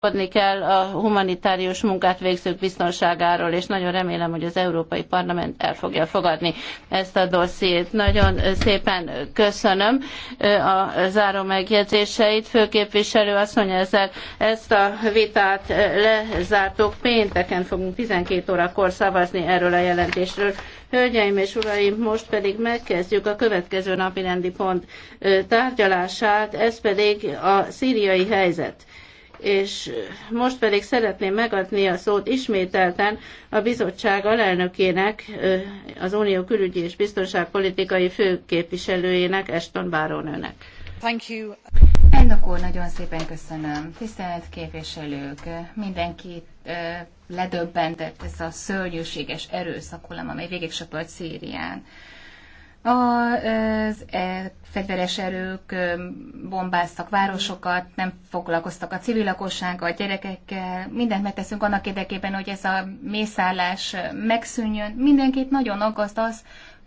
Tudni kell a humanitárius munkát végzők biztonságáról, és nagyon remélem, hogy az Európai Parlament el fogja fogadni ezt a dossziét. Nagyon szépen köszönöm a záró megjegyzéseit. Főképviselő azt mondja, ezzel ezt a vitát lezártuk. Pénteken fogunk 12 órakor szavazni erről a jelentésről. Hölgyeim és uraim, most pedig megkezdjük a következő napi rendi pont tárgyalását, ez pedig a szíriai helyzet és most pedig szeretném megadni a szót ismételten a bizottság alelnökének, az Unió külügyi és biztonságpolitikai főképviselőjének, Eston Báronőnek. Thank you. Elnök úr, nagyon szépen köszönöm. Tisztelt képviselők, mindenki ledöbbentett ez a szörnyűséges erőszakulam, amely végig söpört Szírián. Az e, fegyveres erők bombáztak városokat, nem foglalkoztak a civil lakossággal, a gyerekekkel, mindent megteszünk annak érdekében, hogy ez a mészállás megszűnjön. Mindenkit nagyon aggaszt az,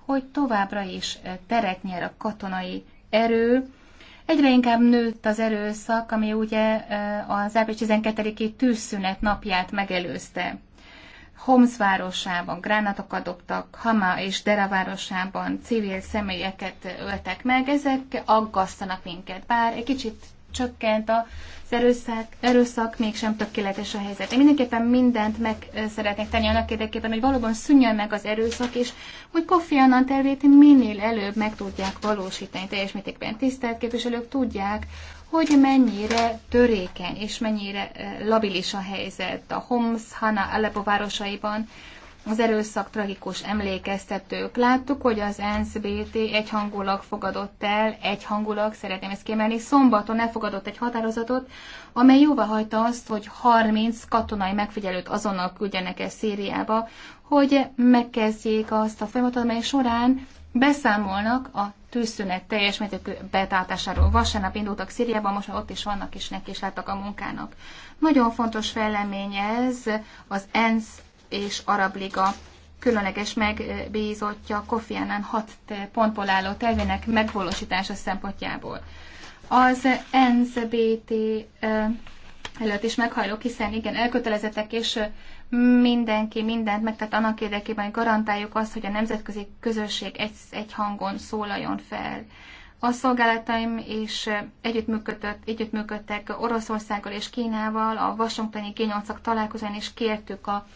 hogy továbbra is teret nyer a katonai erő. Egyre inkább nőtt az erőszak, ami ugye az április 12-i tűzszünet napját megelőzte. Homs városában gránátokat dobtak, Hama és Dera városában civil személyeket öltek meg, ezek aggasztanak minket, bár egy kicsit csökkent az erőszak, erőszak mégsem tökéletes a helyzet. Én mindenképpen mindent meg szeretnék tenni annak érdekében, hogy valóban szűnjön meg az erőszak, és hogy Kofi Annan tervét minél előbb meg tudják valósítani teljes mértékben. Tisztelt képviselők tudják, hogy mennyire törékeny és mennyire eh, labilis a helyzet. A Homs, Hana, Aleppo városaiban az erőszak tragikus emlékeztetők. Láttuk, hogy az NSBT egyhangulag fogadott el, egyhangulag, szeretném ezt kiemelni, szombaton elfogadott egy határozatot, amely jóvá hagyta azt, hogy 30 katonai megfigyelőt azonnal küldjenek el Szíriába, hogy megkezdjék azt a folyamatot, amely során beszámolnak a tűzszünet teljes mértékű betartásáról. Vasárnap indultak Szíriában, most már ott is vannak, és neki is láttak a munkának. Nagyon fontos fejlemény ez az ENSZ és Arab Liga különleges megbízottja Kofi Annan hat pontból álló tervének megvalósítása szempontjából. Az ENSZ BT előtt is meghajlok, hiszen igen, elkötelezettek és mindenki mindent megtett annak érdekében, hogy garantáljuk azt, hogy a nemzetközi közösség egy, egy hangon szólaljon fel. A szolgálataim és együttműködött, együttműködtek Oroszországgal és Kínával, a Washingtoni g találkozón is kértük a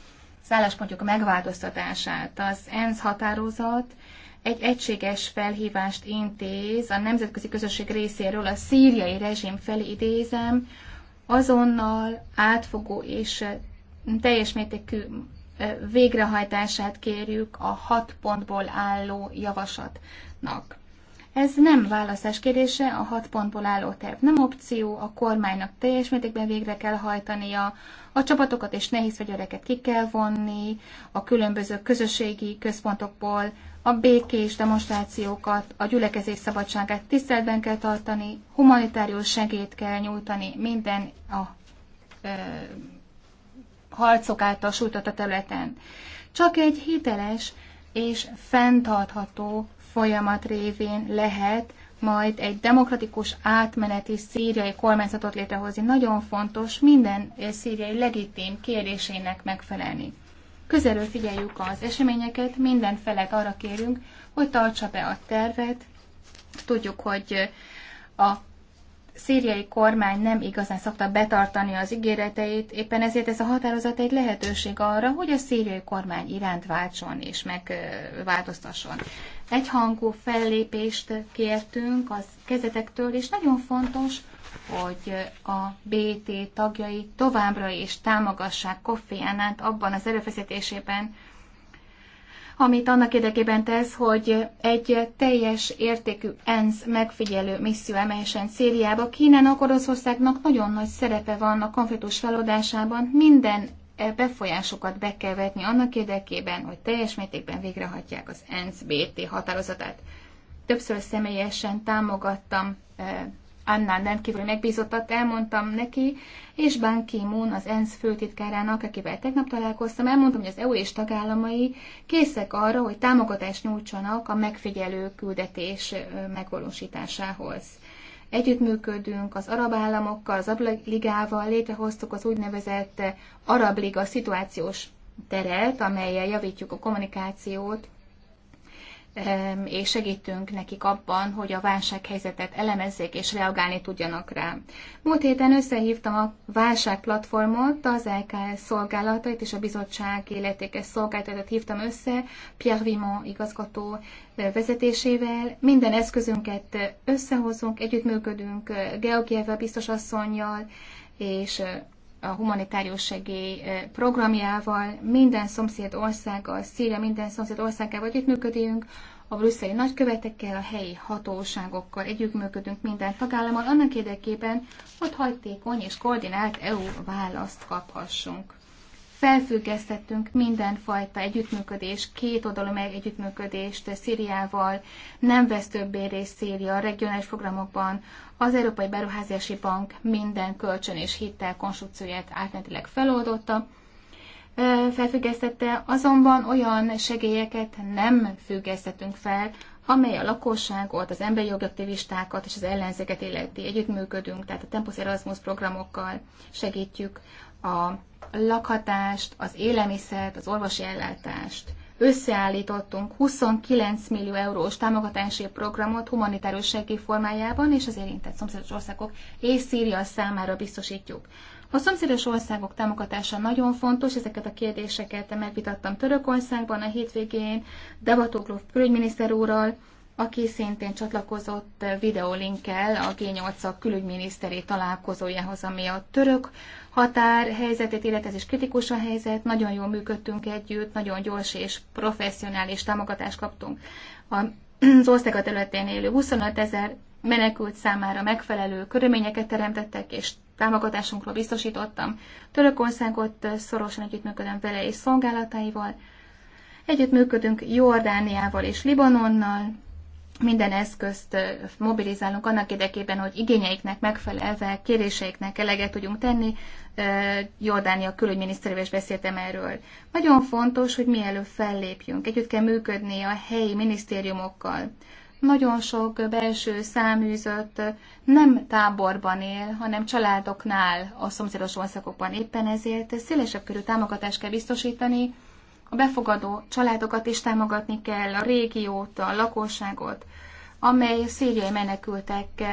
szálláspontjuk megváltoztatását. Az ENSZ határozat egy egységes felhívást intéz a nemzetközi közösség részéről a szíriai rezsim felé idézem, azonnal átfogó és teljes mértékű végrehajtását kérjük a hat pontból álló javaslatnak. Ez nem választás kérdése, a hat pontból álló terv nem opció, a kormánynak teljes mértékben végre kell hajtania, a csapatokat és nehéz fegyvereket ki kell vonni, a különböző közösségi központokból a békés demonstrációkat, a gyülekezés szabadságát tiszteletben kell tartani, humanitárius segét kell nyújtani minden a ö, harcok által sújtott a területen. Csak egy hiteles és fenntartható folyamat révén lehet majd egy demokratikus átmeneti szíriai kormányzatot létrehozni. Nagyon fontos minden szíriai legitim kérésének megfelelni. Közelről figyeljük az eseményeket, minden felet arra kérünk, hogy tartsa be a tervet. Tudjuk, hogy a szíriai kormány nem igazán szokta betartani az ígéreteit, éppen ezért ez a határozat egy lehetőség arra, hogy a szíriai kormány iránt váltson és megváltoztasson. Egyhangú fellépést kértünk az kezetektől, és nagyon fontos, hogy a BT tagjai továbbra is támogassák Kofi Annant abban az erőfeszítésében, amit annak érdekében tesz, hogy egy teljes értékű ENSZ megfigyelő misszió emeljen Szíriába. Kínának, Oroszországnak nagyon nagy szerepe van a konfliktus feloldásában, minden eh, befolyásokat be kell vetni annak érdekében, hogy teljes mértékben végrehajtják az ENSZ BT határozatát. Többször személyesen támogattam eh, Annál kívül megbízottat elmondtam neki, és Ban Ki-moon, az ENSZ főtitkárának, akivel tegnap találkoztam, elmondtam, hogy az EU és tagállamai készek arra, hogy támogatást nyújtsanak a megfigyelő küldetés megvalósításához. Együttműködünk az arab államokkal, az arab ligával, létrehoztuk az úgynevezett arab liga szituációs teret, amelyel javítjuk a kommunikációt és segítünk nekik abban, hogy a válsághelyzetet elemezzék és reagálni tudjanak rá. Múlt héten összehívtam a válságplatformot, az LKS szolgálatait és a bizottság életékes szolgáltatot hívtam össze, Pierre Vimon igazgató vezetésével. Minden eszközünket összehozunk, együttműködünk Georgieva biztos asszonynal, és a humanitárius segély programjával, minden szomszéd országgal, Szíria minden szomszéd országával együttműködünk, a brüsszeli nagykövetekkel, a helyi hatóságokkal együttműködünk minden tagállammal, annak érdekében, hogy hajtékony és koordinált EU választ kaphassunk felfüggesztettünk mindenfajta együttműködés, két oldalú meg együttműködést Szíriával, nem vesz többé részt Szíria regionális programokban, az Európai Beruházási Bank minden kölcsön és hittel konstrukcióját átmenetileg feloldotta, felfüggesztette, azonban olyan segélyeket nem függesztettünk fel, amely a lakosságot, az emberi jogaktivistákat és az ellenzéket illeti. Együttműködünk, tehát a Tempus Erasmus programokkal segítjük a lakhatást, az élelmiszert, az orvosi ellátást. Összeállítottunk 29 millió eurós támogatási programot humanitárius segély formájában, és az érintett szomszédos országok és Szíria számára biztosítjuk. A szomszédos országok támogatása nagyon fontos, ezeket a kérdéseket megvitattam Törökországban a hétvégén, Davutoglu külügyminiszter úrral, aki szintén csatlakozott videólinkkel a g 8 külügyminiszteri találkozójához, ami a török határ helyzetét, illetve ez is kritikus a helyzet, nagyon jól működtünk együtt, nagyon gyors és professzionális támogatást kaptunk. Az ország a területén élő 25 ezer menekült számára megfelelő körülményeket teremtettek, és támogatásunkról biztosítottam. Törökországot szorosan együttműködöm vele és szolgálataival, Együttműködünk Jordániával és Libanonnal, minden eszközt mobilizálunk annak érdekében, hogy igényeiknek megfelelve, kéréseiknek eleget tudjunk tenni. Jordánia külügyminiszterével is beszéltem erről. Nagyon fontos, hogy mielőbb fellépjünk. Együtt kell működni a helyi minisztériumokkal. Nagyon sok belső száműzött nem táborban él, hanem családoknál a szomszédos országokban. Éppen ezért szélesebb körű támogatást kell biztosítani, a befogadó családokat is támogatni kell, a régiót, a lakosságot, amely szíriai menekültek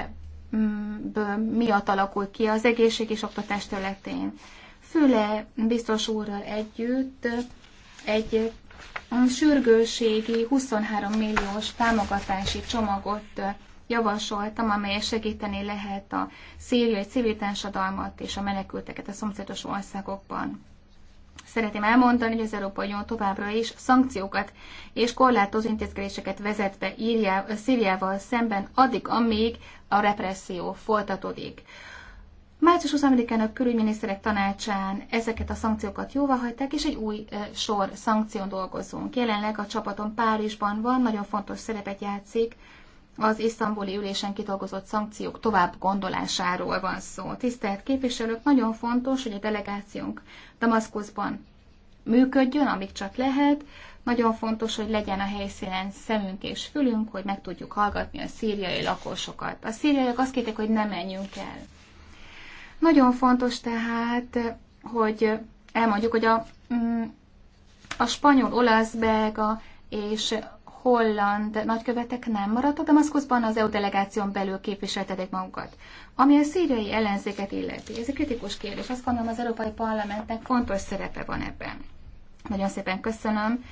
miatt alakul ki az egészség és oktatás területén. Füle biztos úrral együtt egy sürgőségi 23 milliós támogatási csomagot javasoltam, amely segíteni lehet a szíriai civil társadalmat és a menekülteket a szomszédos országokban. Szeretném elmondani, hogy az Európai Unió továbbra is szankciókat és korlátozó intézkedéseket vezet be Szíriával szemben, addig, amíg a represszió folytatódik. Március 20-án a külügyminiszterek tanácsán ezeket a szankciókat jóváhagyták, és egy új sor szankción dolgozunk. Jelenleg a csapatom Párizsban van, nagyon fontos szerepet játszik az isztambuli ülésen kidolgozott szankciók tovább gondolásáról van szó. Tisztelt képviselők, nagyon fontos, hogy a delegációnk Damaszkuszban működjön, amíg csak lehet. Nagyon fontos, hogy legyen a helyszínen szemünk és fülünk, hogy meg tudjuk hallgatni a szíriai lakosokat. A szíriaiak azt kérték, hogy ne menjünk el. Nagyon fontos tehát, hogy elmondjuk, hogy a, mm, a spanyol, olasz, belga és holland nagykövetek nem maradtak Damaszkuszban, az EU delegáción belül képviseltetik magukat. Ami a szíriai ellenzéket illeti, ez egy kritikus kérdés. Azt gondolom az Európai Parlamentnek fontos szerepe van ebben. Nagyon szépen köszönöm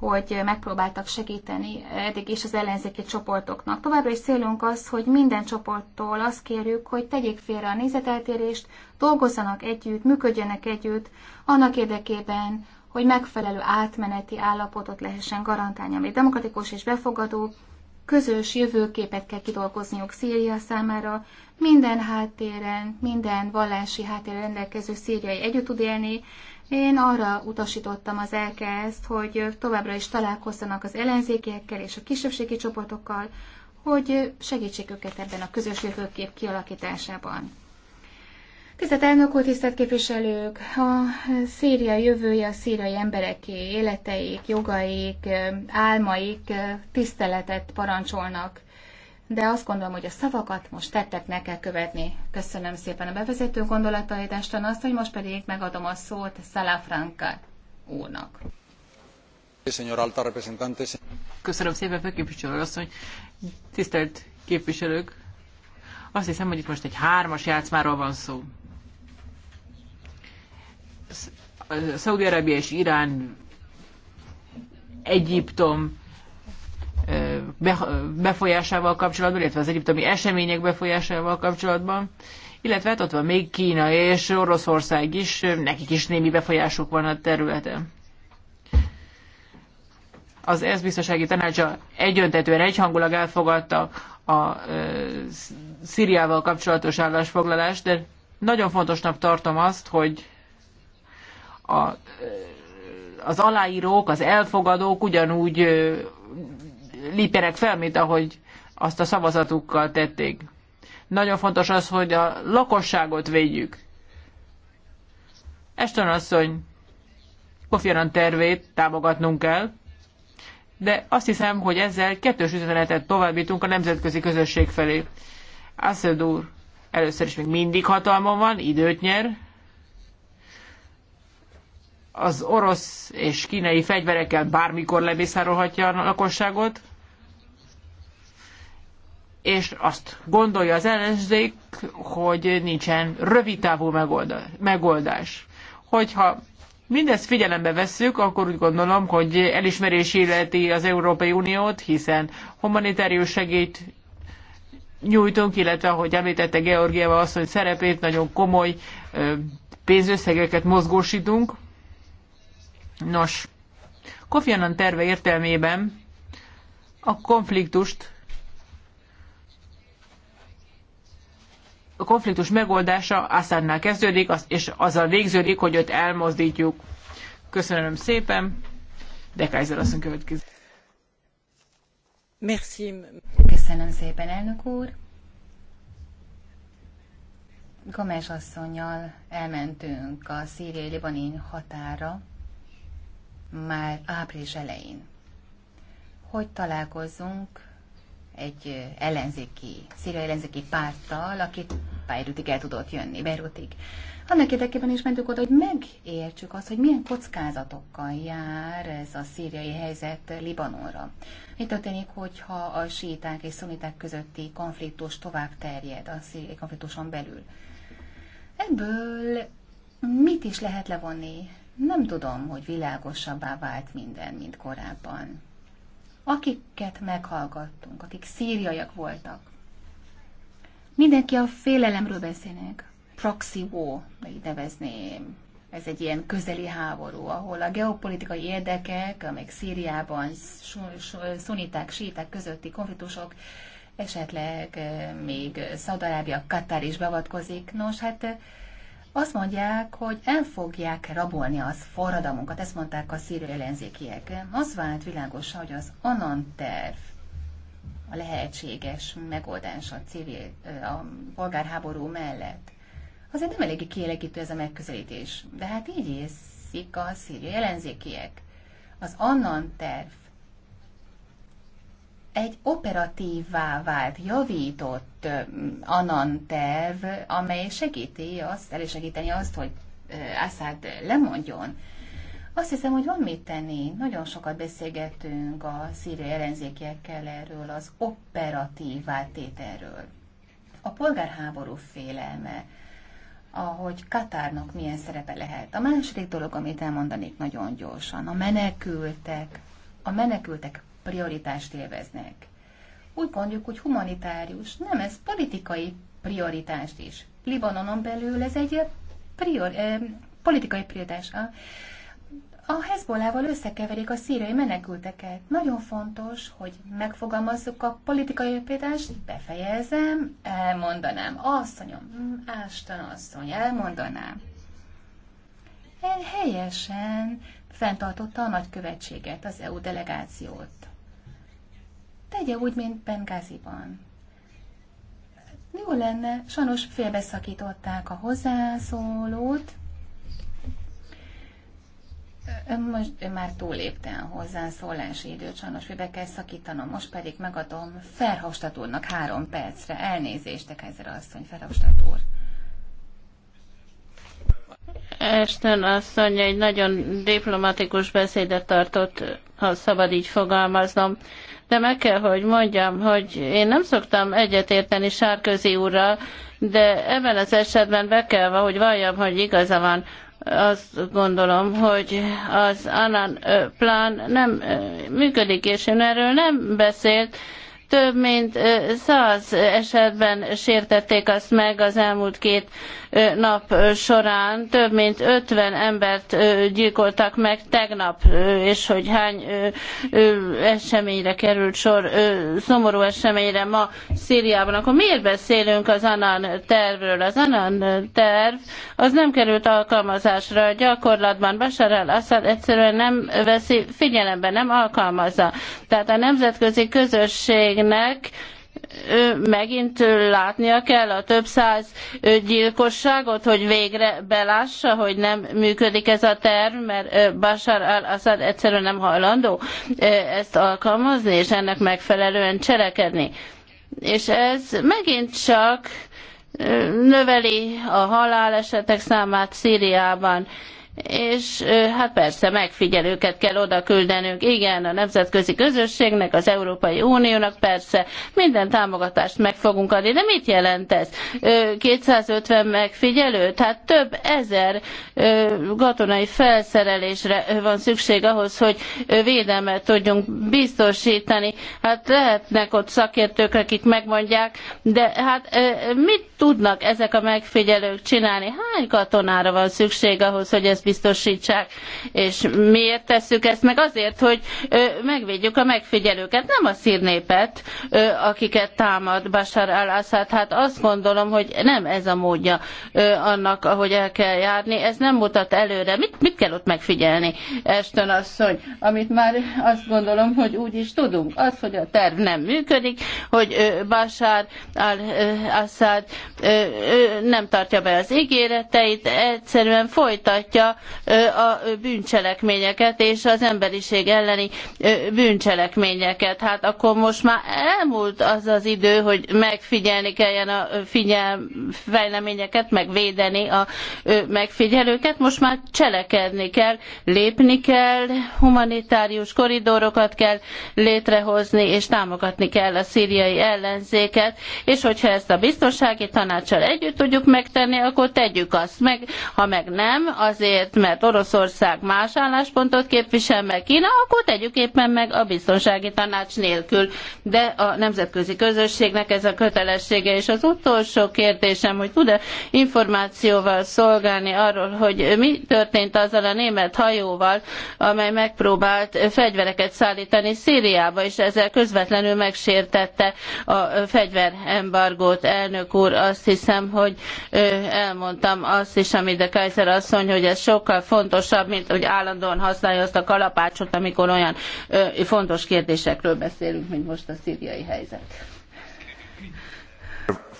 hogy megpróbáltak segíteni eddig is az ellenzéki csoportoknak. Továbbra is célunk az, hogy minden csoporttól azt kérjük, hogy tegyék félre a nézeteltérést, dolgozzanak együtt, működjenek együtt, annak érdekében, hogy megfelelő átmeneti állapotot lehessen garantálni, ami demokratikus és befogadó, közös jövőképet kell kidolgozniuk Szíria számára, minden háttéren, minden vallási háttéren rendelkező szíriai együtt tud élni. Én arra utasítottam az LKS-t, hogy továbbra is találkozzanak az ellenzékiekkel és a kisebbségi csoportokkal, hogy segítsék őket ebben a közös jövőkép kialakításában. Tisztelt elnök úr, tisztelt képviselők! A Szíria jövője, a szíriai embereké, életeik, jogaik, álmaik tiszteletet parancsolnak. De azt gondolom, hogy a szavakat most tetteknek kell követni. Köszönöm szépen a bevezető gondolatait, Estan, azt, hogy most pedig megadom a szót Salafranca úrnak. Köszönöm szépen, főképviselő asszony. Tisztelt képviselők, azt hiszem, hogy itt most egy hármas játszmáról van szó. Szaudi-Arabia és Irán, Egyiptom befolyásával kapcsolatban, illetve az egyiptomi események befolyásával kapcsolatban, illetve hát ott van még Kína és Oroszország is, nekik is némi befolyásuk van a területen. Az ESZ biztonsági tanácsa egyöntetően egyhangulag elfogadta a Szíriával kapcsolatos állásfoglalást, de nagyon fontosnak tartom azt, hogy a, az aláírók, az elfogadók ugyanúgy lépjenek fel, mint ahogy azt a szavazatukkal tették. Nagyon fontos az, hogy a lakosságot védjük. Eston asszony Kofi tervét támogatnunk kell, de azt hiszem, hogy ezzel kettős üzenetet továbbítunk a nemzetközi közösség felé. Asszed úr, először is még mindig hatalma van, időt nyer, az orosz és kínai fegyverekkel bármikor lemészárolhatja a lakosságot, és azt gondolja az ellenzék, hogy nincsen rövidtávú megoldás. Hogyha mindezt figyelembe vesszük, akkor úgy gondolom, hogy elismerés illeti az Európai Uniót, hiszen humanitárius segít nyújtunk, illetve, ahogy említette Georgieva hogy szerepét, nagyon komoly pénzösszegeket mozgósítunk. Nos, Kofi Annan terve értelmében a konfliktust a konfliktus megoldása Assadnál kezdődik, és azzal végződik, hogy őt elmozdítjuk. Köszönöm szépen. De Kaiser asszony következik. Merci. Köszönöm szépen, elnök úr. Gomes asszonynal elmentünk a szíriai-libani határa, már április elején, hogy találkozzunk egy ellenzéki, szíria ellenzéki párttal, akit Beirutig el tudott jönni, Beirutig. Annak érdekében is mentünk oda, hogy megértsük azt, hogy milyen kockázatokkal jár ez a szíriai helyzet Libanonra. Mi történik, hogyha a síták és szuniták közötti konfliktus tovább terjed a szíriai konfliktuson belül? Ebből mit is lehet levonni? Nem tudom, hogy világosabbá vált minden, mint korábban. Akiket meghallgattunk, akik szíriaiak voltak, mindenki a félelemről beszélnek. Proxy war, így nevezném. Ez egy ilyen közeli háború, ahol a geopolitikai érdekek, amelyek Szíriában szuniták, síták közötti konfliktusok, esetleg eh, még Szaudarábia, Katar is beavatkozik. Nos, hát eh, azt mondják, hogy el fogják rabolni az forradalmunkat, ezt mondták a szíriai ellenzékiek. Az vált világos, hogy az Anan terv, a lehetséges megoldás a civil, a polgárháború mellett, azért nem eléggé kielegítő ez a megközelítés. De hát így észik a szíriai ellenzékiek. Az Annan terv egy operatívvá vált, javított Anan terv, amely segíti azt, elősegíteni azt, hogy Assad lemondjon. Azt hiszem, hogy van mit tenni. Nagyon sokat beszélgettünk a szíriai ellenzékiekkel erről, az operatív váltételről. A polgárháború félelme, ahogy Katárnak milyen szerepe lehet. A második dolog, amit elmondanék nagyon gyorsan, a menekültek, a menekültek prioritást élveznek. Úgy gondoljuk, hogy humanitárius, nem ez politikai prioritást is. Libanonon belül ez egy prior, eh, politikai prioritás. A, a Hezbollával összekeverik a szíriai menekülteket. Nagyon fontos, hogy megfogalmazzuk a politikai prioritást. befejezem, elmondanám. Asszonyom, Ástan mm, asszony, elmondanám. Helyesen fenntartotta a nagykövetséget, az EU delegációt. Tegye úgy, mint Bengáziban. Jó lenne, sajnos félbeszakították a hozzászólót. Most már túlépte a hozzászólási időt, sajnos félbe kell szakítanom, most pedig megadom Ferhostat úrnak három percre. Elnézést, de Kaiser asszony, Ferhostat úr. Esten asszony egy nagyon diplomatikus beszédet tartott, ha szabad így fogalmaznom de meg kell, hogy mondjam, hogy én nem szoktam egyetérteni Sárközi úrral, de ebben az esetben be kell, hogy valljam, hogy igaza van azt gondolom, hogy az Annan plán nem működik, és ön erről nem beszélt, több mint száz esetben sértették azt meg az elmúlt két nap során. Több mint 50 embert gyilkoltak meg tegnap, és hogy hány eseményre került sor, szomorú eseményre ma Szíriában, akkor miért beszélünk az Anan tervről? Az Anan terv az nem került alkalmazásra a gyakorlatban. Bashar al-Assad egyszerűen nem veszi figyelembe, nem alkalmazza. Tehát a nemzetközi közösség közösségnek megint látnia kell a több száz gyilkosságot, hogy végre belássa, hogy nem működik ez a terv, mert Bashar al-Assad egyszerűen nem hajlandó ezt alkalmazni, és ennek megfelelően cselekedni. És ez megint csak növeli a halálesetek számát Szíriában és hát persze megfigyelőket kell oda küldenünk, igen, a nemzetközi közösségnek, az Európai Uniónak persze minden támogatást meg fogunk adni, de mit jelent ez? 250 megfigyelő, tehát több ezer katonai felszerelésre van szükség ahhoz, hogy védelmet tudjunk biztosítani. Hát lehetnek ott szakértők, akik megmondják, de hát mit tudnak ezek a megfigyelők csinálni? Hány katonára van szükség ahhoz, hogy ezt biztosítsák. És miért tesszük ezt meg? Azért, hogy megvédjük a megfigyelőket, nem a szírnépet, akiket támad Bashar al-Assad. Hát azt gondolom, hogy nem ez a módja annak, ahogy el kell járni. Ez nem mutat előre. Mit, mit kell ott megfigyelni, Eston asszony? Amit már azt gondolom, hogy úgy is tudunk. Az, hogy a terv nem működik, hogy Bashar al-Assad nem tartja be az ígéreteit, egyszerűen folytatja a bűncselekményeket és az emberiség elleni bűncselekményeket. Hát akkor most már elmúlt az az idő, hogy megfigyelni kelljen a fejleményeket, meg megvédeni a megfigyelőket. Most már cselekedni kell, lépni kell, humanitárius koridorokat kell létrehozni, és támogatni kell a szíriai ellenzéket, és hogyha ezt a biztonsági tanácssal együtt tudjuk megtenni, akkor tegyük azt meg. Ha meg nem, azért azért, mert Oroszország más álláspontot képvisel meg Kína, akkor tegyük éppen meg a biztonsági tanács nélkül. De a nemzetközi közösségnek ez a kötelessége. És az utolsó kérdésem, hogy tud-e információval szolgálni arról, hogy mi történt azzal a német hajóval, amely megpróbált fegyvereket szállítani Szíriába, és ezzel közvetlenül megsértette a fegyverembargót. Elnök úr, azt hiszem, hogy elmondtam azt is, amit de Kaiser asszony, hogy ez sok sokkal fontosabb, mint hogy állandóan használja azt a kalapácsot, amikor olyan ö, fontos kérdésekről beszélünk, mint most a szíriai helyzet.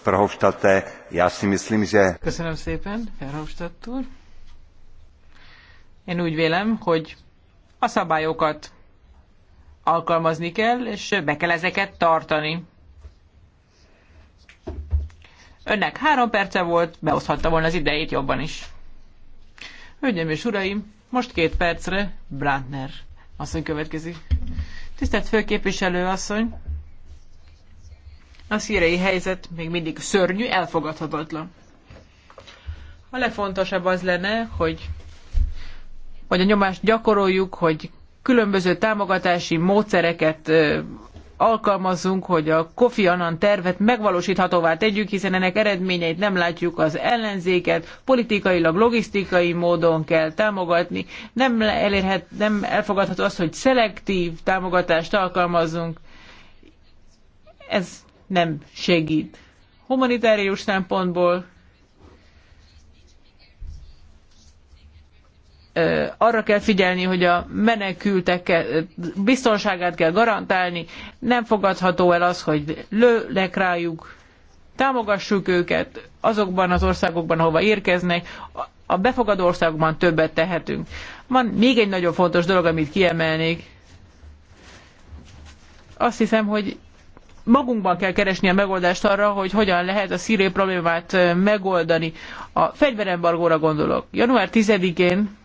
Verhofstadte, já si myslím, že... Köszönöm szépen, Verhofstadt úr. Én úgy vélem, hogy a szabályokat alkalmazni kell, és be kell ezeket tartani. Önnek három perce volt, beoszthatta volna az idejét jobban is. Hölgyeim és uraim, most két percre Brandner asszony következik. Tisztelt főképviselő asszony, a szírei helyzet még mindig szörnyű, elfogadhatatlan. A legfontosabb az lenne, hogy, hogy a nyomást gyakoroljuk, hogy különböző támogatási módszereket alkalmazzunk, hogy a Kofi Annan tervet megvalósíthatóvá tegyük, hiszen ennek eredményeit nem látjuk az ellenzéket, politikailag, logisztikai módon kell támogatni. Nem, elérhet, nem elfogadható az, hogy szelektív támogatást alkalmazzunk. Ez nem segít. Humanitárius szempontból arra kell figyelni, hogy a menekültek biztonságát kell garantálni, nem fogadható el az, hogy lőnek rájuk, támogassuk őket azokban az országokban, ahova érkeznek, a befogadó országokban többet tehetünk. Van még egy nagyon fontos dolog, amit kiemelnék. Azt hiszem, hogy magunkban kell keresni a megoldást arra, hogy hogyan lehet a szíriai problémát megoldani. A fegyverembargóra gondolok. Január 10-én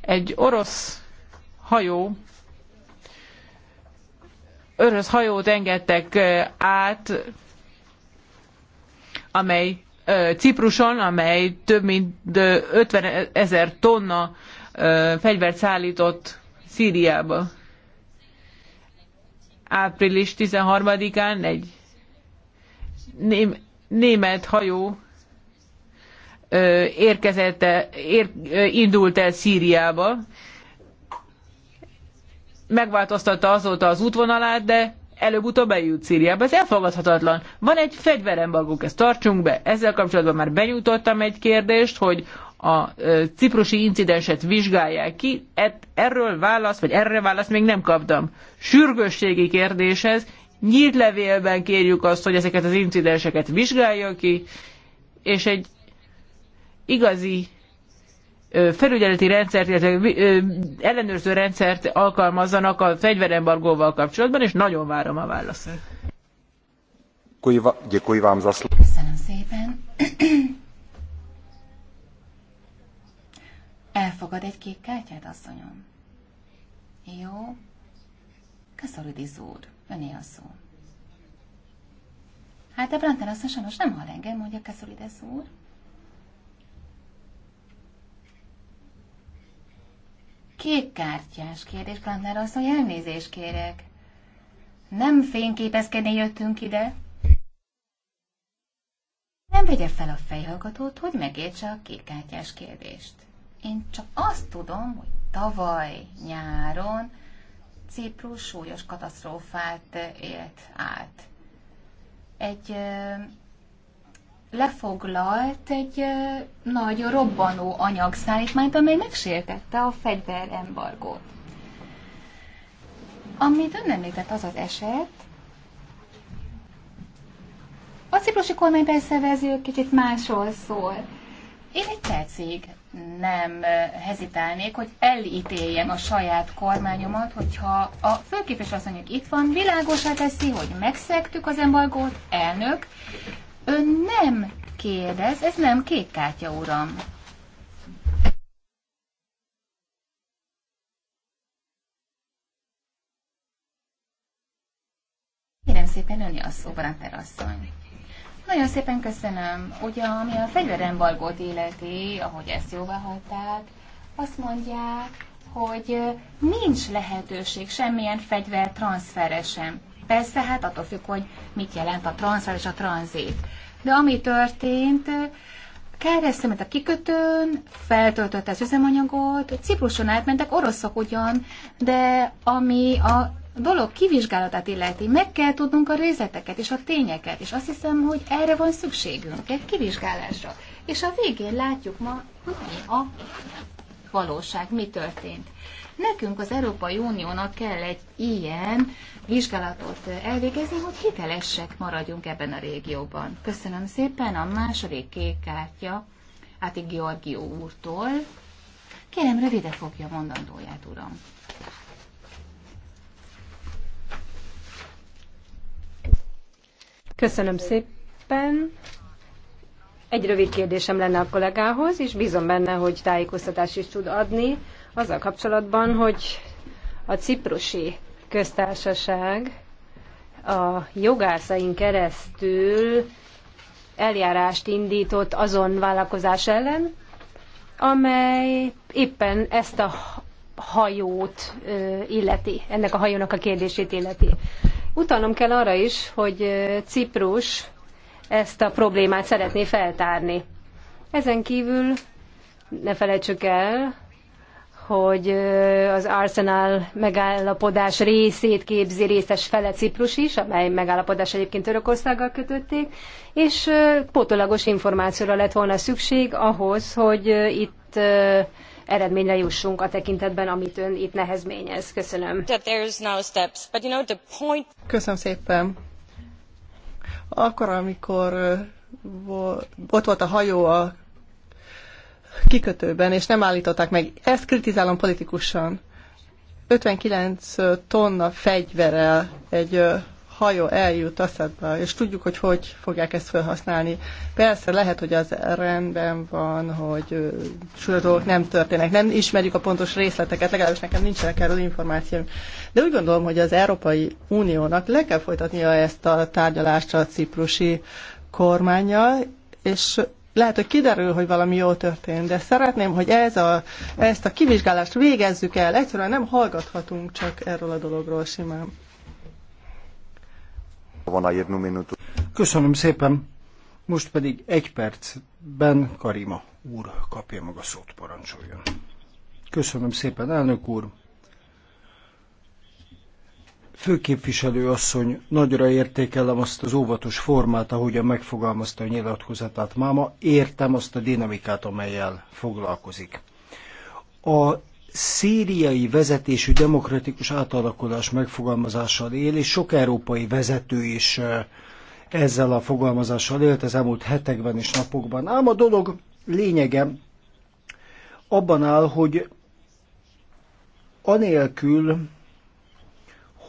Egy orosz hajó orosz hajót engedtek át, amely Cipruson, amely több mint 50 ezer tonna fegyvert szállított Szíriába. Április 13-án egy német hajó érkezett, ér, indult el Szíriába. Megváltoztatta azóta az útvonalát, de előbb-utóbb eljut Szíriába. Ez elfogadhatatlan. Van egy fegyverembargók, ezt tartsunk be. Ezzel kapcsolatban már benyújtottam egy kérdést, hogy a ciprusi incidenset vizsgálják ki, erről választ, vagy erre választ még nem kaptam. Sürgősségi kérdéshez nyílt levélben kérjük azt, hogy ezeket az incidenseket vizsgálja ki, és egy igazi felügyeleti rendszert, illetve ellenőrző rendszert alkalmazzanak a fegyverembargóval kapcsolatban, és nagyon várom a választ. Köszönöm szépen. Elfogad egy kék kártyát, asszonyom? Jó. Köszönöm, úr, öné a szó. Hát a Branten asszony sajnos nem hall engem, mondja Kaszolides úr. kártyás kérdés, Plantner asszony, elnézést kérek. Nem fényképezkedni jöttünk ide. Nem vegye fel a fejhallgatót, hogy megértse a kártyás kérdést. Én csak azt tudom, hogy tavaly nyáron Ciprus súlyos katasztrófát élt át. Egy lefoglalt egy nagy robbanó anyagszállítmányt, amely megsértette a fegyverembargót. Amit ön említett, az az eset, a ciprusi kormány persze vező kicsit másról szól. Én egy percig nem hezitálnék, hogy elítéljem a saját kormányomat, hogyha a asszonyok itt van, világosá teszi, hogy megszektük az embargót, elnök, Ön nem kérdez, ez nem kék kártya, uram. Kérem szépen, önni a szó, Branter Nagyon szépen köszönöm. Ugye, ami a fegyverembargót illeti, ahogy ezt jóvá hagyták, azt mondják, hogy nincs lehetőség semmilyen fegyver transferre sem. Persze, hát attól függ, hogy mit jelent a transfer és a tranzit. De ami történt, ment a kikötőn, feltöltötte az üzemanyagot, Cipruson átmentek oroszok ugyan, de ami a dolog kivizsgálatát illeti, meg kell tudnunk a részleteket és a tényeket, és azt hiszem, hogy erre van szükségünk, egy kivizsgálásra. És a végén látjuk ma, hogy mi a valóság, mi történt. Nekünk az Európai Uniónak kell egy ilyen vizsgálatot elvégezni, hogy hitelesek maradjunk ebben a régióban. Köszönöm szépen a második kék kártya Áti Georgió úrtól. Kérem, rövide fogja mondandóját, uram. Köszönöm szépen. Egy rövid kérdésem lenne a kollégához, és bízom benne, hogy tájékoztatást is tud adni azzal kapcsolatban, hogy a ciprusi köztársaság a jogászain keresztül eljárást indított azon vállalkozás ellen, amely éppen ezt a hajót illeti, ennek a hajónak a kérdését illeti. Utalnom kell arra is, hogy Ciprus ezt a problémát szeretné feltárni. Ezen kívül ne felejtsük el, hogy az Arsenal megállapodás részét képzi részes fele Ciprus is, amely megállapodás egyébként Törökországgal kötötték, és pótolagos információra lett volna szükség ahhoz, hogy itt eredményre jussunk a tekintetben, amit ön itt nehezményez. Köszönöm. Köszönöm szépen. Akkor, amikor ott volt a hajó a kikötőben, és nem állították meg. Ezt kritizálom politikusan. 59 tonna fegyverrel egy hajó eljut Assadba, és tudjuk, hogy hogy fogják ezt felhasználni. Persze lehet, hogy az rendben van, hogy súlyos dolgok nem történnek. Nem ismerjük a pontos részleteket, legalábbis nekem nincsenek erről információim. De úgy gondolom, hogy az Európai Uniónak le kell folytatnia ezt a tárgyalást a ciprusi kormányjal, és lehet, hogy kiderül, hogy valami jó történt, de szeretném, hogy ez a, ezt a kivizsgálást végezzük el. Egyszerűen nem hallgathatunk csak erről a dologról simán. Van a minutu. Köszönöm szépen. Most pedig egy percben Karima úr kapja maga szót, parancsoljon. Köszönöm szépen, elnök úr. Főképviselő asszony, nagyra értékelem azt az óvatos formát, ahogyan megfogalmazta a nyilatkozatát máma, értem azt a dinamikát, amelyel foglalkozik. A szíriai vezetésű demokratikus átalakulás megfogalmazással él, és sok európai vezető is ezzel a fogalmazással élt az elmúlt hetekben és napokban. Ám a dolog lényege abban áll, hogy anélkül,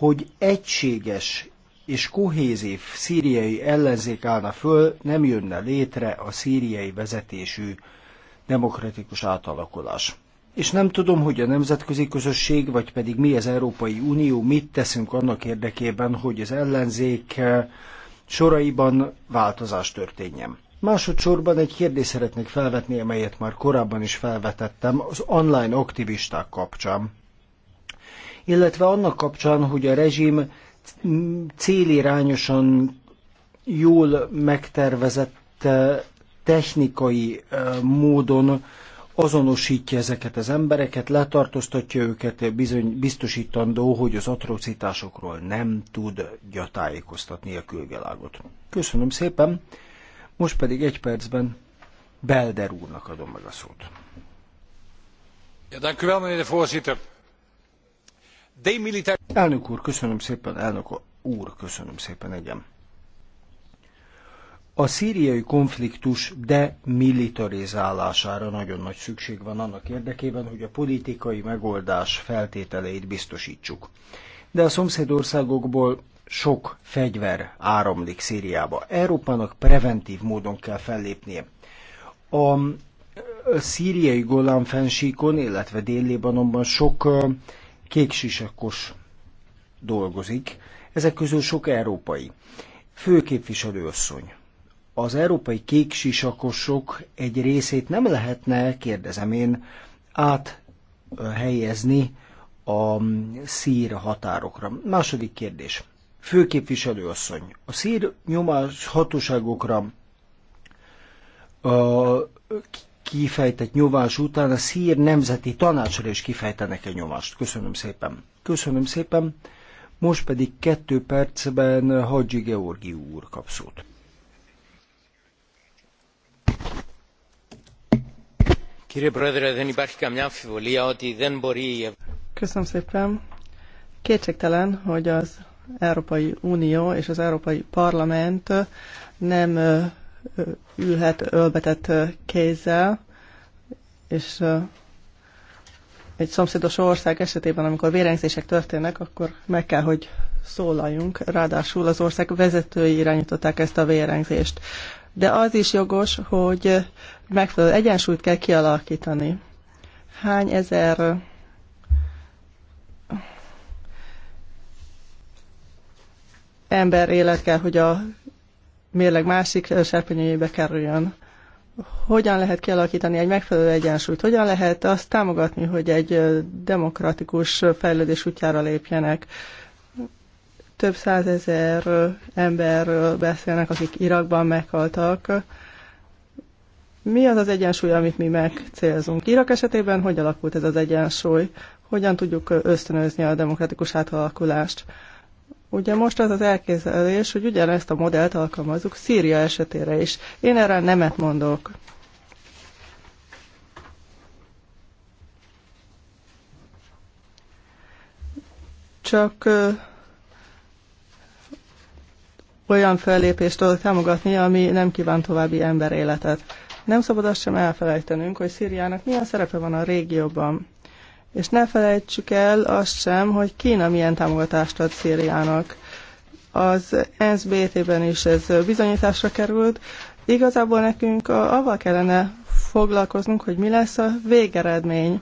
hogy egységes és kohézív szíriai ellenzék állna föl, nem jönne létre a szíriai vezetésű demokratikus átalakulás. És nem tudom, hogy a nemzetközi közösség, vagy pedig mi az Európai Unió mit teszünk annak érdekében, hogy az ellenzék eh, soraiban változás történjen. Másodszorban egy kérdést szeretnék felvetni, amelyet már korábban is felvetettem, az online aktivisták kapcsán illetve annak kapcsán, hogy a rezsim célirányosan jól megtervezett eh, technikai eh, módon azonosítja ezeket az embereket, letartóztatja őket, bizony, biztosítandó, hogy az atrocitásokról nem tud gyatájékoztatni a külvilágot. Köszönöm szépen, most pedig egy percben Belder úrnak adom meg a szót. Ja, dank u wel, meneer de voorzitter military... Elnök úr, köszönöm szépen, elnök úr, köszönöm szépen, igen. A szíriai konfliktus demilitarizálására nagyon nagy szükség van annak érdekében, hogy a politikai megoldás feltételeit biztosítsuk. De a szomszédországokból sok fegyver áramlik Szíriába. Európának preventív módon kell fellépnie. A szíriai Golán fensíkon, illetve Dél-Libanonban sok kéksisakos dolgozik, ezek közül sok európai. Főképviselőasszony, az európai kéksisakosok egy részét nem lehetne, kérdezem én, áthelyezni a szír határokra. Második kérdés. Főképviselőasszony, a szír nyomás hatóságokra a kifejtett nyomás után a Szír Nemzeti Tanácsra is kifejtenek egy nyomást. Köszönöm szépen. Köszönöm szépen. Most pedig kettő percben Hagyi Georgi úr kap szót. Köszönöm szépen. Kétségtelen, hogy az Európai Unió és az Európai Parlament nem ülhet ölbetett kézzel, és egy szomszédos ország esetében, amikor vérengzések történnek, akkor meg kell, hogy szólaljunk. Ráadásul az ország vezetői irányították ezt a vérengzést. De az is jogos, hogy megfelelő egyensúlyt kell kialakítani. Hány ezer ember élet kell, hogy a mérleg másik serpenyőjébe kerüljön. Hogyan lehet kialakítani egy megfelelő egyensúlyt? Hogyan lehet azt támogatni, hogy egy demokratikus fejlődés útjára lépjenek? Több százezer emberről beszélnek, akik Irakban meghaltak. Mi az az egyensúly, amit mi megcélzunk? Irak esetében hogy alakult ez az egyensúly? Hogyan tudjuk ösztönözni a demokratikus átalakulást? Ugye most az az elképzelés, hogy ugyanezt a modellt alkalmazzuk Szíria esetére is. Én erre nemet mondok. Csak olyan fellépést tudok támogatni, ami nem kíván további emberéletet. Nem szabad azt sem elfelejtenünk, hogy Szíriának milyen szerepe van a régióban. És ne felejtsük el azt sem, hogy Kína milyen támogatást ad Szíriának. Az ENSZ ben is ez bizonyításra került. Igazából nekünk avval kellene foglalkoznunk, hogy mi lesz a végeredmény.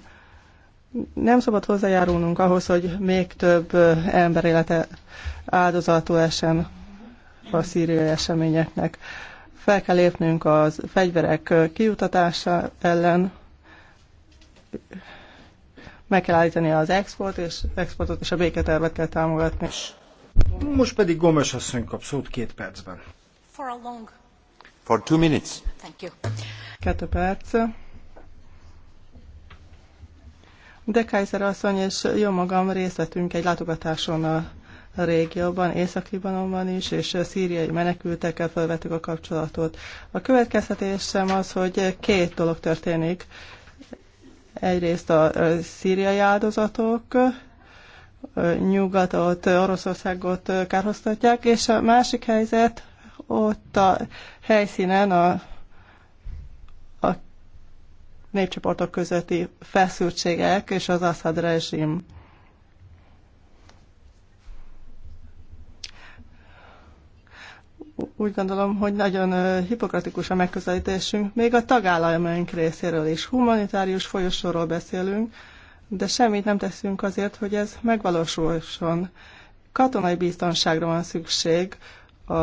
Nem szabad hozzájárulnunk ahhoz, hogy még több ember élete áldozatul esen a szíriai eseményeknek. Fel kell lépnünk az fegyverek kiutatása ellen, meg kell állítani az export és exportot és a béketervet kell támogatni. Most pedig Gomes asszony kap szót két percben. For a long... For two minutes. Thank you. Kettő perc. De Kaiser asszony és jó magam részletünk egy látogatáson a a régióban, Észak-Libanonban is, és szíriai menekültekkel felvettük a kapcsolatot. A következtetésem az, hogy két dolog történik. Egyrészt a szíriai áldozatok, nyugatot, Oroszországot kárhoztatják, és a másik helyzet ott a helyszínen a, a népcsoportok közötti feszültségek és az Assad rezsim. Úgy gondolom, hogy nagyon hipokratikus a megközelítésünk, még a tagállamaink részéről is. Humanitárius folyosóról beszélünk, de semmit nem teszünk azért, hogy ez megvalósulson. Katonai biztonságra van szükség a,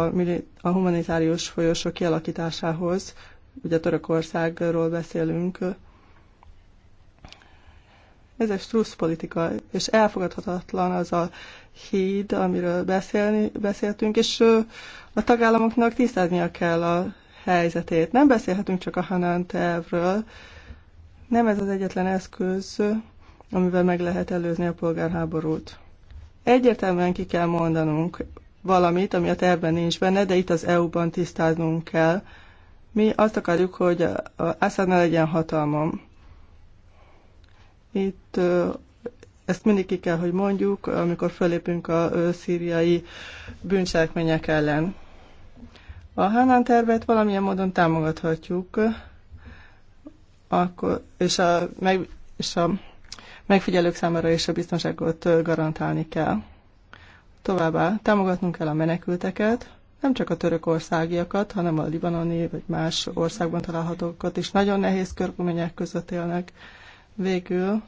a humanitárius folyosó kialakításához, ugye Törökországról beszélünk, ez egy strusz politika, és elfogadhatatlan az a híd, amiről beszélni, beszéltünk, és a tagállamoknak tisztáznia kell a helyzetét. Nem beszélhetünk csak a Hanan tervről, nem ez az egyetlen eszköz, amivel meg lehet előzni a polgárháborút. Egyértelműen ki kell mondanunk valamit, ami a tervben nincs benne, de itt az EU-ban tisztáznunk kell. Mi azt akarjuk, hogy Assad ne legyen hatalmam. Itt ezt mindig ki kell, hogy mondjuk, amikor fölépünk a szíriai bűncselekmények ellen. A Hánán tervet valamilyen módon támogathatjuk, akkor, és, a, meg, és a megfigyelők számára is a biztonságot garantálni kell. Továbbá támogatnunk kell a menekülteket, nem csak a törökországiakat, hanem a libanoni vagy más országban találhatókat is. Nagyon nehéz körülmények között élnek. Végül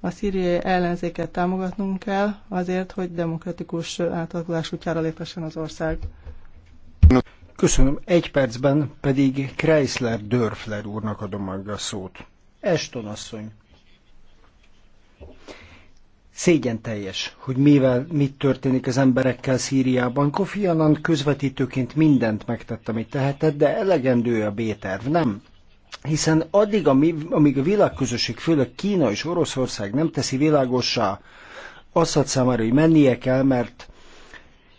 a szíriai ellenzéket támogatnunk kell azért, hogy demokratikus átalakulás útjára léphessen az ország. Köszönöm. Egy percben pedig Kreisler Dörfler úrnak adom meg a szót. Eston asszony. Szégyen teljes, hogy mivel mit történik az emberekkel Szíriában. Kofi Annan közvetítőként mindent megtett, amit tehetett, de elegendő a B-terv, nem? hiszen addig, amíg a világközösség, főleg Kína és Oroszország nem teszi világossá Assad számára, hogy mennie kell, mert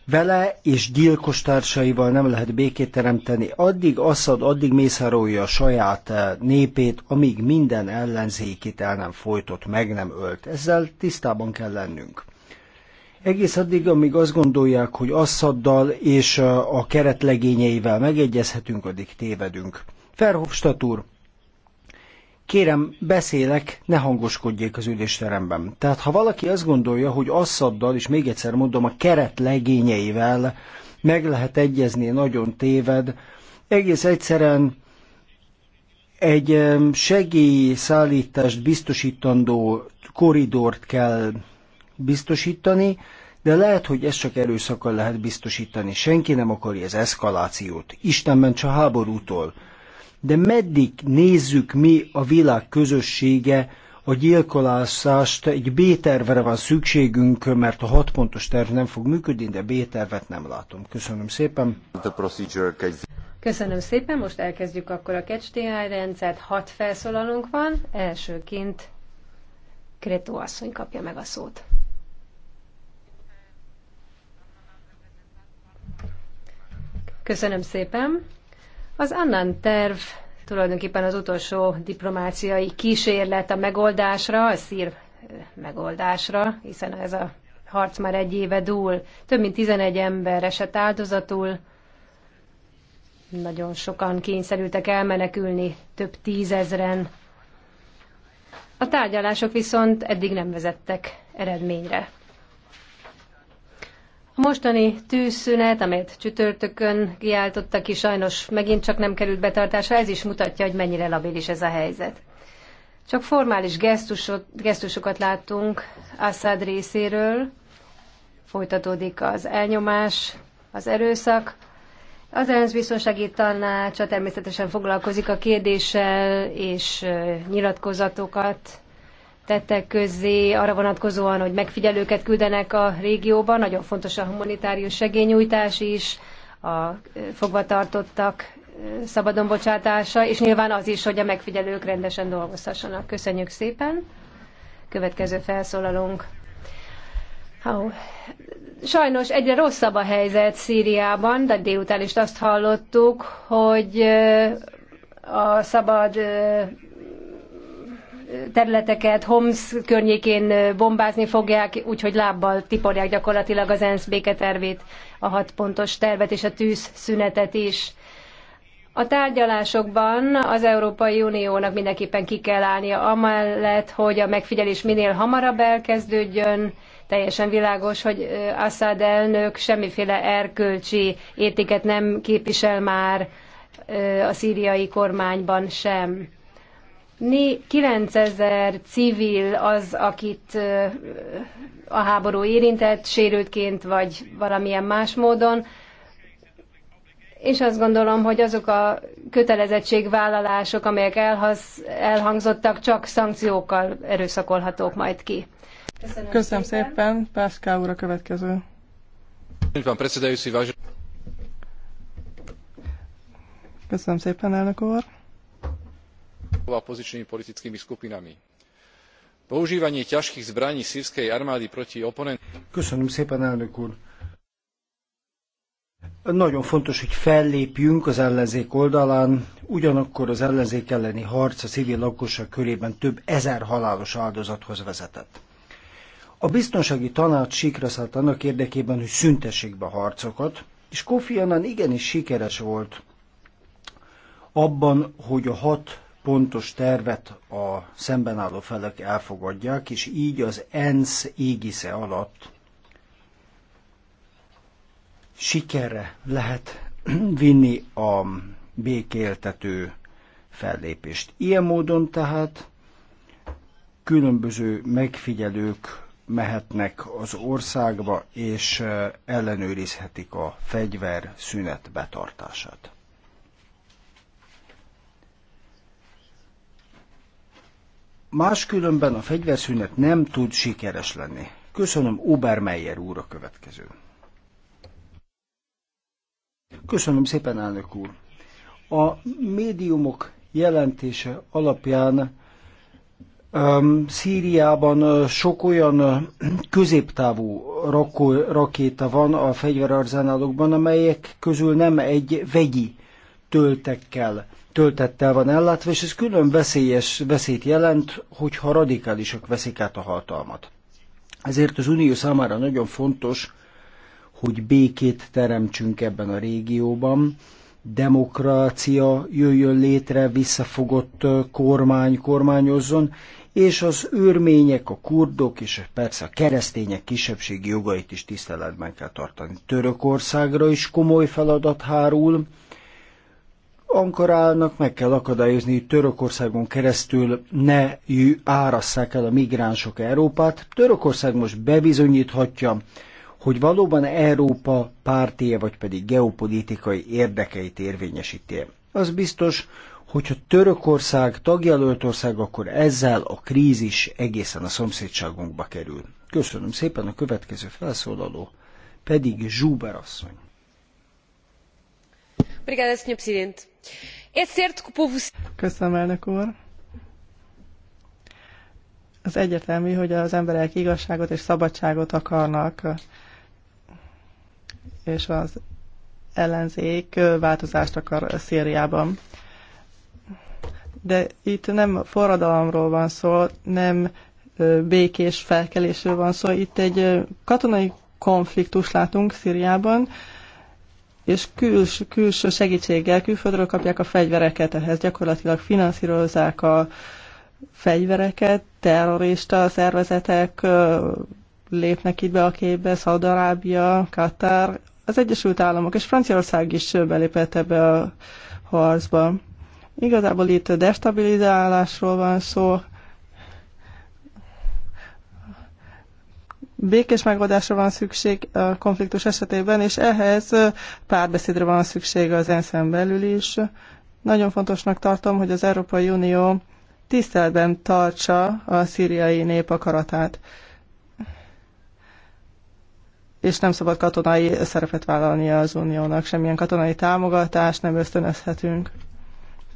vele és gyilkostársaival nem lehet békét teremteni. Addig Assad, addig mészárolja a saját eh, népét, amíg minden ellenzékét el nem folytott, meg nem ölt. Ezzel tisztában kell lennünk. Egész addig, amíg azt gondolják, hogy Assaddal és eh, a keretlegényeivel megegyezhetünk, addig tévedünk. Verhofstadt úr, kérem, beszélek, ne hangoskodjék az ülésteremben. Tehát ha valaki azt gondolja, hogy Assaddal, és még egyszer mondom, a keret legényeivel meg lehet egyezni, nagyon téved, egész egyszerűen egy segélyszállítást biztosítandó koridort kell biztosítani, de lehet, hogy ezt csak erőszakkal lehet biztosítani. Senki nem akarja az eszkalációt. Isten ments a háborútól de meddig nézzük mi a világ közössége a gyilkolászást, egy b van szükségünk, mert a hat pontos terv nem fog működni, de b nem látom. Köszönöm szépen. Köszönöm szépen, most elkezdjük akkor a catch rendszert. Hat felszólalunk van, elsőként Kretó asszony kapja meg a szót. Köszönöm szépen. Az Annan terv tulajdonképpen az utolsó diplomáciai kísérlet a megoldásra, a szír eh, megoldásra, hiszen ez a harc már egy éve dúl. Több mint 11 ember esett áldozatul, nagyon sokan kényszerültek elmenekülni, több tízezren. A tárgyalások viszont eddig nem vezettek eredményre. A mostani tűzszünet, amelyet csütörtökön kiáltottak ki, sajnos megint csak nem került betartásra, ez is mutatja, hogy mennyire labilis ez a helyzet. Csak formális gesztusot, gesztusokat láttunk Assad részéről, folytatódik az elnyomás, az erőszak. Az ENSZ biztonsági tanácsa természetesen foglalkozik a kérdéssel, és nyilatkozatokat tette közzé arra vonatkozóan, hogy megfigyelőket küldenek a régióban. Nagyon fontos a humanitárius segényújtás is, a fogvatartottak szabadon bocsátása, és nyilván az is, hogy a megfigyelők rendesen dolgozhassanak. Köszönjük szépen. Következő felszólalónk. Oh. Sajnos egyre rosszabb a helyzet Szíriában, de délután is azt hallottuk, hogy a szabad területeket Homs környékén bombázni fogják, úgyhogy lábbal tiporják gyakorlatilag az ENSZ béketervét, a hat pontos tervet és a tűzszünetet is. A tárgyalásokban az Európai Uniónak mindenképpen ki kell állnia amellett, hogy a megfigyelés minél hamarabb elkezdődjön, teljesen világos, hogy Assad elnök semmiféle erkölcsi értéket nem képvisel már a szíriai kormányban sem 9000 civil az, akit a háború érintett, sérültként vagy valamilyen más módon, és azt gondolom, hogy azok a kötelezettségvállalások, amelyek elhasz, elhangzottak, csak szankciókkal erőszakolhatók majd ki. Köszönöm, Köszönöm szépen. szépen. Pászká úr a következő. Köszönöm szépen, elnök úr a opozičnými politickými skupinami. používanie ťažkých zbraní sýrskej armády proti oponentom nagyon fontos, hogy fellépjünk az ellenzék oldalán, ugyanakkor az ellenzék elleni harc a civil lakosság körében több ezer halálos áldozathoz vezetett. A biztonsági tanács sikra szállt annak érdekében, hogy szüntessék be harcokat, és Kofi Annan igenis sikeres volt abban, hogy a hat pontos tervet a szemben álló felek elfogadják, és így az ENSZ égisze alatt sikerre lehet vinni a békéltető fellépést. Ilyen módon tehát különböző megfigyelők mehetnek az országba, és ellenőrizhetik a fegyver szünet betartását. Máskülönben a fegyverszünet nem tud sikeres lenni. Köszönöm Obermeyer úr a következő. Köszönöm szépen, elnök úr. A médiumok jelentése alapján um, Szíriában sok olyan középtávú rakó, rakéta van a fegyverarzenálokban, amelyek közül nem egy vegyi töltekkel töltettel van ellátva, és ez külön veszélyes veszélyt jelent, hogyha radikálisak veszik át a hatalmat. Ezért az Unió számára nagyon fontos, hogy békét teremtsünk ebben a régióban, demokrácia jöjjön létre, visszafogott kormány kormányozzon, és az őrmények, a kurdok és persze a keresztények kisebbségi jogait is tiszteletben kell tartani. Törökországra is komoly feladat hárul, Ankarának meg kell akadályozni, hogy Törökországon keresztül ne árasszák el a migránsok Európát. Törökország most bebizonyíthatja, hogy valóban Európa pártije, vagy pedig geopolitikai érdekeit érvényesíti. Az biztos, hogyha Törökország tagjelölt ország, akkor ezzel a krízis egészen a szomszédságunkba kerül. Köszönöm szépen a következő felszólaló, pedig Zsúber asszony. Köszönöm, elnök úr. Az egyetemű, hogy az emberek igazságot és szabadságot akarnak, és az ellenzék változást akar Szíriában. De itt nem forradalomról van szó, nem békés felkelésről van szó, itt egy katonai konfliktus látunk Szíriában, és küls, külső segítséggel külföldről kapják a fegyvereket, ehhez gyakorlatilag finanszírozzák a fegyvereket, terrorista szervezetek lépnek itt be a képbe, Szaudarábia, Katar, az Egyesült Államok és Franciaország is belépett ebbe a harcba. Igazából itt destabilizálásról van szó, Békés megoldásra van szükség a konfliktus esetében, és ehhez párbeszédre van szükség az ensz belül is. Nagyon fontosnak tartom, hogy az Európai Unió tiszteletben tartsa a szíriai nép akaratát, és nem szabad katonai szerepet vállalnia az uniónak, semmilyen katonai támogatást nem ösztönözhetünk.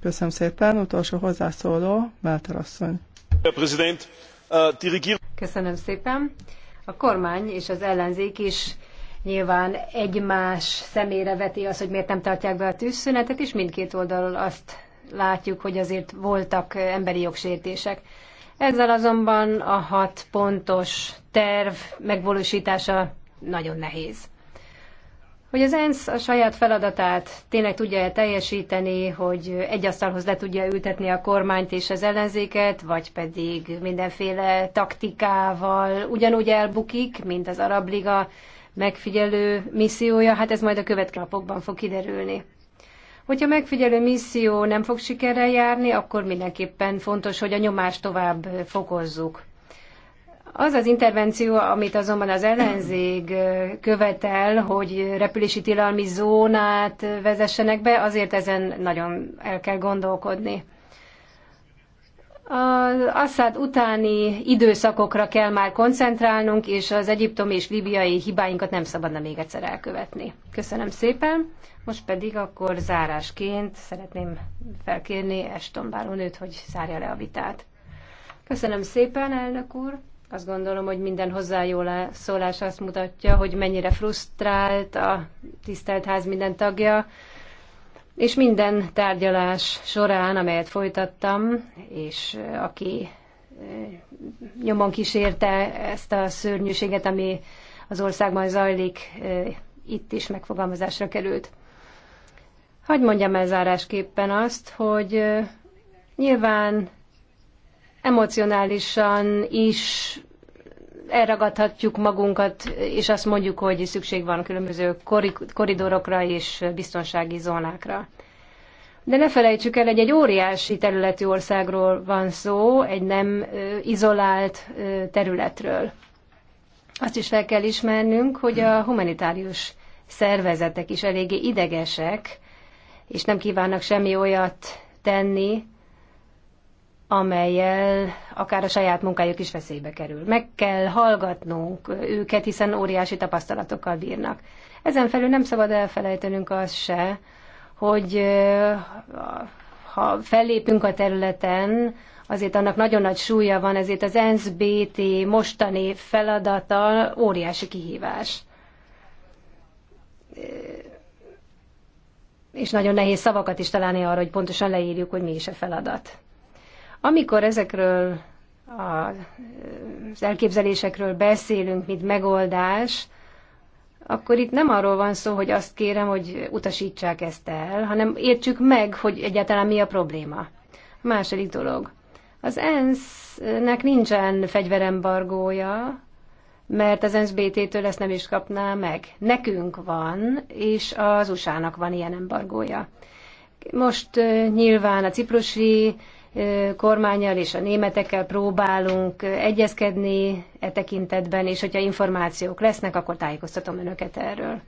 Köszönöm szépen, utolsó hozzászóló, Melter asszony. Äh, Köszönöm szépen. A kormány és az ellenzék is nyilván egymás szemére veti azt, hogy miért nem tartják be a tűzszünetet, és mindkét oldalról azt látjuk, hogy azért voltak emberi jogsértések. Ezzel azonban a hat pontos terv megvalósítása nagyon nehéz hogy az ENSZ a saját feladatát tényleg tudja-e teljesíteni, hogy egy asztalhoz le tudja ültetni a kormányt és az ellenzéket, vagy pedig mindenféle taktikával ugyanúgy elbukik, mint az Arab Liga megfigyelő missziója, hát ez majd a következő napokban fog kiderülni. Hogyha megfigyelő misszió nem fog sikerrel járni, akkor mindenképpen fontos, hogy a nyomást tovább fokozzuk. Az az intervenció, amit azonban az ellenzék követel, hogy repülési tilalmi zónát vezessenek be, azért ezen nagyon el kell gondolkodni. Az Assad utáni időszakokra kell már koncentrálnunk, és az egyiptomi és libiai hibáinkat nem szabadna még egyszer elkövetni. Köszönöm szépen. Most pedig akkor zárásként szeretném felkérni Eston Báronőt, hogy zárja le a vitát. Köszönöm szépen, elnök úr. Azt gondolom, hogy minden hozzájólás azt mutatja, hogy mennyire frusztrált a tisztelt ház minden tagja, és minden tárgyalás során, amelyet folytattam, és aki eh, nyomon kísérte ezt a szörnyűséget, ami az országban zajlik, eh, itt is megfogalmazásra került. Hagy mondjam el zárásképpen azt, hogy eh, nyilván emocionálisan is elragadhatjuk magunkat, és azt mondjuk, hogy szükség van különböző koridorokra és biztonsági zónákra. De ne felejtsük el, hogy egy óriási területű országról van szó, egy nem izolált területről. Azt is fel kell ismernünk, hogy a humanitárius szervezetek is eléggé idegesek, és nem kívánnak semmi olyat tenni, amelyel akár a saját munkájuk is veszélybe kerül. Meg kell hallgatnunk őket, hiszen óriási tapasztalatokkal bírnak. Ezen felül nem szabad elfelejtenünk az se, hogy ha fellépünk a területen, azért annak nagyon nagy súlya van, ezért az NSBT mostani feladata óriási kihívás. És nagyon nehéz szavakat is találni arra, hogy pontosan leírjuk, hogy mi is a feladat. Amikor ezekről az elképzelésekről beszélünk, mint megoldás, akkor itt nem arról van szó, hogy azt kérem, hogy utasítsák ezt el, hanem értsük meg, hogy egyáltalán mi a probléma. A második dolog. Az ENSZ-nek nincsen fegyverembargója, mert az ENSZ BT-től ezt nem is kapná meg. Nekünk van, és az USA-nak van ilyen embargója. Most nyilván a ciprusi kormányjal és a németekkel próbálunk egyezkedni e tekintetben, és hogyha információk lesznek, akkor tájékoztatom önöket erről.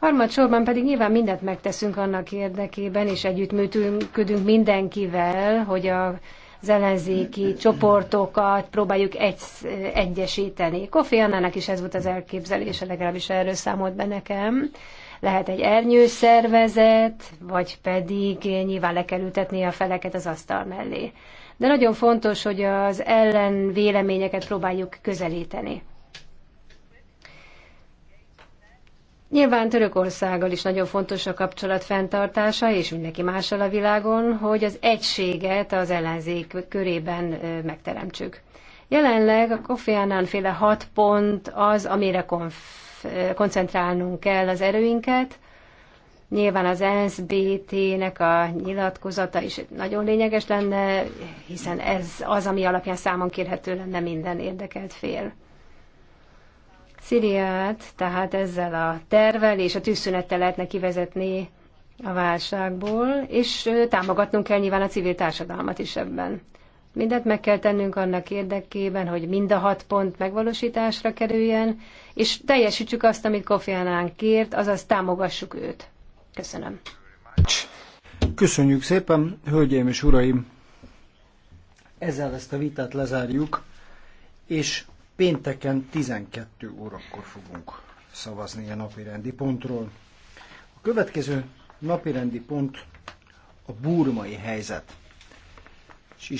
Harmadsorban pedig nyilván mindent megteszünk annak érdekében, és együttműködünk mindenkivel, hogy a az ellenzéki csoportokat próbáljuk egy, egyesíteni. Kofi Annának is ez volt az elképzelése, legalábbis erről számolt be nekem. Lehet egy ernyőszervezet, vagy pedig nyilván le kell ültetni a feleket az asztal mellé. De nagyon fontos, hogy az ellenvéleményeket próbáljuk közelíteni. Nyilván Törökországgal is nagyon fontos a kapcsolat fenntartása, és mindenki mással a világon, hogy az egységet az ellenzék körében megteremtsük. Jelenleg a Kofi Annan féle hat pont az, amire koncentrálnunk kell az erőinket. Nyilván az NSBT-nek a nyilatkozata is nagyon lényeges lenne, hiszen ez az, ami alapján számon kérhető lenne minden érdekelt fél. Szíriát, tehát ezzel a tervel és a tűzszünettel lehetne kivezetni a válságból, és támogatnunk kell nyilván a civil társadalmat is ebben. Mindent meg kell tennünk annak érdekében, hogy mind a hat pont megvalósításra kerüljen, és teljesítsük azt, amit Kofi Annan kért, azaz támogassuk őt. Köszönöm. Köszönjük szépen, hölgyeim és uraim! Ezzel ezt a vitát lezárjuk, és Pénteken 12 órakor fogunk szavazni a napirendi pontról. A következő napirendi pont a burmai helyzet.